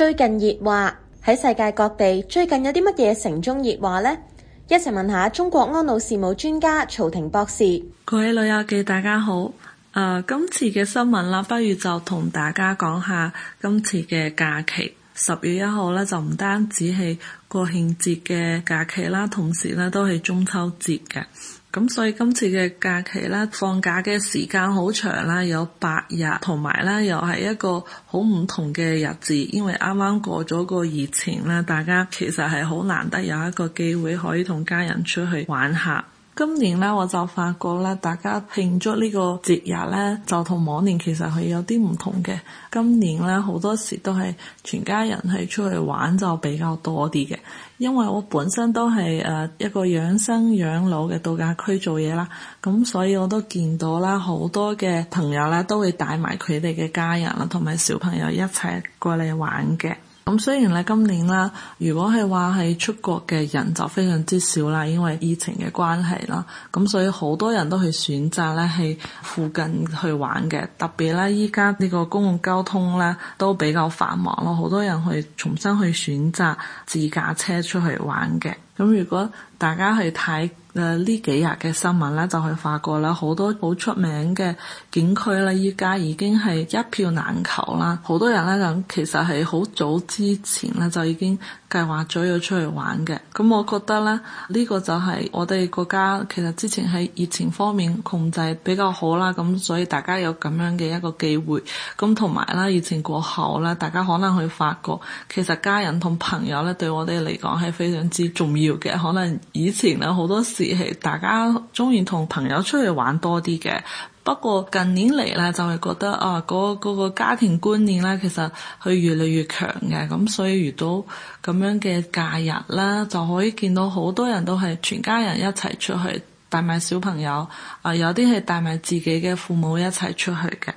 最近熱話，喺世界各地，最近有啲乜嘢城中熱話呢？一齊問下中國安老事務專家曹婷博士。各位旅遊記，大家好，誒、呃、今次嘅新聞啦，不如就同大家講下今次嘅假期。十月一號咧就唔單止係國慶節嘅假期啦，同時咧都係中秋節嘅。咁所以今次嘅假期咧，放假嘅時間好長啦，有八日，同埋咧又係一個好唔同嘅日子，因為啱啱過咗個疫情啦，大家其實係好難得有一個機會可以同家人出去玩下。今年咧，我就發覺咧，大家慶祝呢個節日咧，就同往年其實係有啲唔同嘅。今年咧，好多時都係全家人係出去玩就比較多啲嘅，因為我本身都係誒一個養生養老嘅度假區做嘢啦，咁所以我都見到啦，好多嘅朋友咧都會帶埋佢哋嘅家人啦，同埋小朋友一齊過嚟玩嘅。咁雖然咧今年啦，如果係話係出國嘅人就非常之少啦，因為疫情嘅關係啦，咁所以好多人都去選擇咧係附近去玩嘅，特別咧依家呢個公共交通咧都比較繁忙咯，好多人去重新去選擇自駕車出去玩嘅。咁如果大家去睇，誒呢幾日嘅新聞咧，就去發覺啦，好多好出名嘅景區啦，依家已經係一票難求啦。好多人咧就其實係好早之前咧就已經計劃咗要出去玩嘅。咁我覺得咧，呢個就係我哋國家其實之前喺疫情方面控制比較好啦，咁所以大家有咁樣嘅一個機會。咁同埋啦，疫情過後咧，大家可能去發覺其實家人同朋友咧對我哋嚟講係非常之重要嘅。可能以前有好多。時係大家中意同朋友出去玩多啲嘅，不過近年嚟咧就係覺得啊，嗰、嗰個嗰個家庭觀念咧其實係越嚟越強嘅，咁所以遇到咁樣嘅假日啦，就可以見到好多人都係全家人一齊出去，帶埋小朋友，啊有啲係帶埋自己嘅父母一齊出去嘅。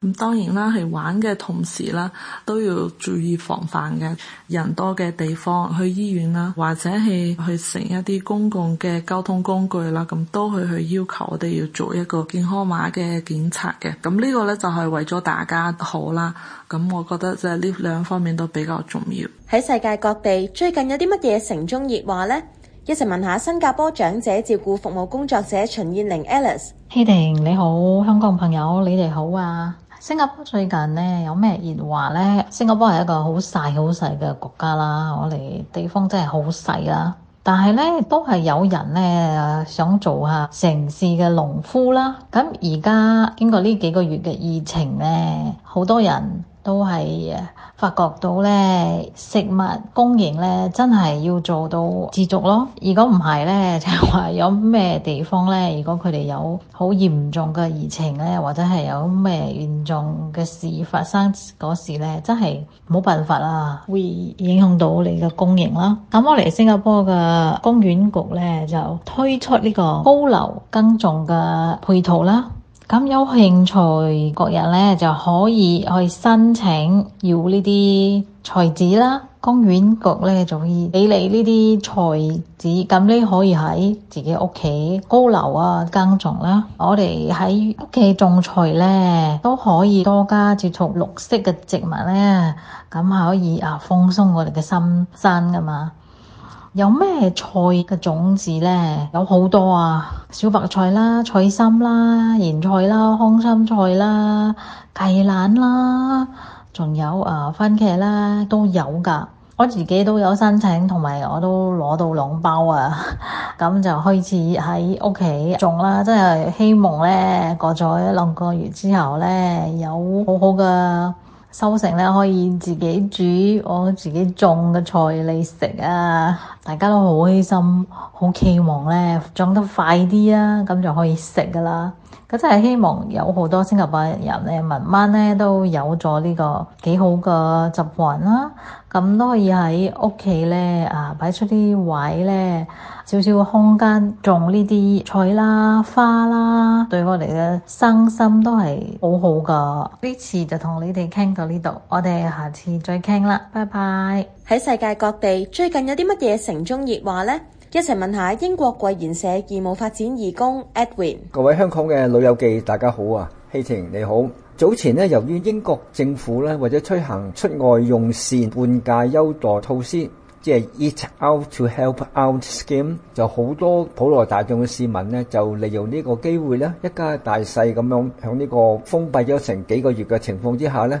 咁當然啦，係玩嘅同時啦，都要注意防範嘅。人多嘅地方，去醫院啦，或者係去乘一啲公共嘅交通工具啦，咁都去去要求我哋要做一個健康碼嘅檢測嘅。咁、這、呢個咧就係為咗大家好啦。咁我覺得即係呢兩方面都比較重要。喺世界各地最近有啲乜嘢城中熱話呢？一齊問，問一下新加坡長者照顧服務工作者陳燕玲 Alice。希婷你好，香港朋友你哋好啊！新加坡最近呢，有咩熱話呢？新加坡係一個好細好細嘅國家啦，我哋地方真係好細啦。但係呢，都係有人呢，想做下城市嘅農夫啦。噉而家經過呢幾個月嘅疫情呢，好多人，都係發覺到咧，食物供應咧真係要做到自足咯，就是。如果唔係咧，就話有咩地方咧，如果佢哋有好嚴重嘅疫情咧，或者係有咩嚴重嘅事發生嗰時咧，真係冇辦法啦，會影響到你嘅供應啦。咁我嚟新加坡嘅公園局咧，就推出呢個高樓耕種嘅配套啦。咁有興趣，各人呢，就可以去申請要呢啲材子啦。公園局咧就俾你呢啲材子，咁你可以喺自己屋企高樓啊耕種啦、啊。我哋喺屋企種菜呢，都可以多加接觸綠色嘅植物呢，咁可以啊放鬆我哋嘅心身㗎嘛。有咩菜嘅種子呢？有好多啊，小白菜啦、菜心啦、芫菜啦、空心菜啦、芥蘭啦，仲有啊番茄啦，都有噶。我自己都有申請，同埋我都攞到兩包啊，咁 就開始喺屋企種啦。真係希望咧，過咗兩個月之後咧，有好好嘅。收成咧可以自己煮，我自己種嘅菜嚟食啊！大家都好開心，好期望咧長得快啲啊，咁就可以食㗎喇！咁真係希望有好多新加坡人咧，慢慢咧都有咗呢個幾好嘅習慣啦～咁都可以喺屋企咧，啊擺出啲位咧，少少空間種呢啲菜啦、花啦，對我哋嘅身心都係好好噶。呢次就同你哋傾到呢度，我哋下次再傾啦，拜拜。喺世界各地最近有啲乜嘢城中熱話咧？一齊問一下英國貴賢社義務發展義工 Edwin。各位香港嘅老友記，大家好啊，希晴你好。早前咧，由於英國政府咧或者推行出外用膳半價優待措施，即係 eat out to help out scheme，就好多普羅大眾嘅市民咧，就利用呢個機會咧，一家大細咁樣喺呢個封閉咗成幾個月嘅情況之下咧。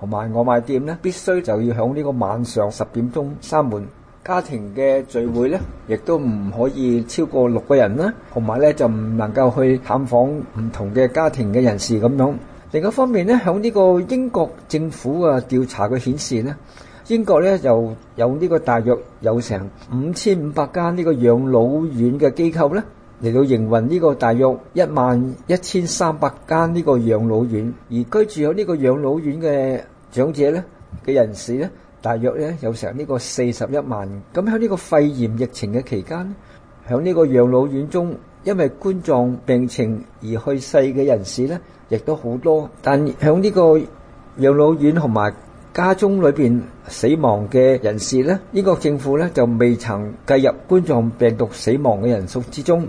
同埋外賣店咧，必須就要響呢個晚上十點鐘閂門。家庭嘅聚會咧，亦都唔可以超過六個人啦。同埋咧，就唔能夠去探訪唔同嘅家庭嘅人士咁樣。另一方面咧，響呢個英國政府啊調查嘅顯示咧，英國咧就有呢個大約有成五千五百間呢個養老院嘅機構咧。嚟到營運呢個大約一萬一千三百間呢個養老院，而居住喺呢個養老院嘅長者呢嘅人士呢，大約呢有成呢個四十一萬。咁喺呢個肺炎疫情嘅期間，喺呢個養老院中，因為冠狀病情而去世嘅人士呢，亦都好多。但喺呢個養老院同埋家中裏邊死亡嘅人士呢，英國政府呢，就未曾計入冠狀病毒死亡嘅人數之中。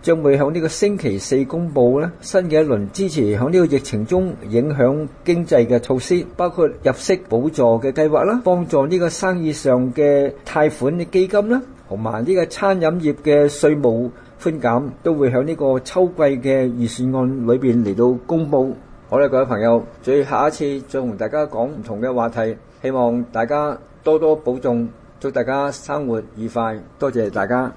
將會喺呢個星期四公布咧，新嘅一輪支持喺呢個疫情中影響經濟嘅措施，包括入息補助嘅計劃啦，幫助呢個生意上嘅貸款嘅基金啦，同埋呢個餐飲業嘅稅務寬減，都會喺呢個秋季嘅預算案裏邊嚟到公布。好啦，各位朋友，最下一次再同大家講唔同嘅話題，希望大家多多保重，祝大家生活愉快，多謝大家。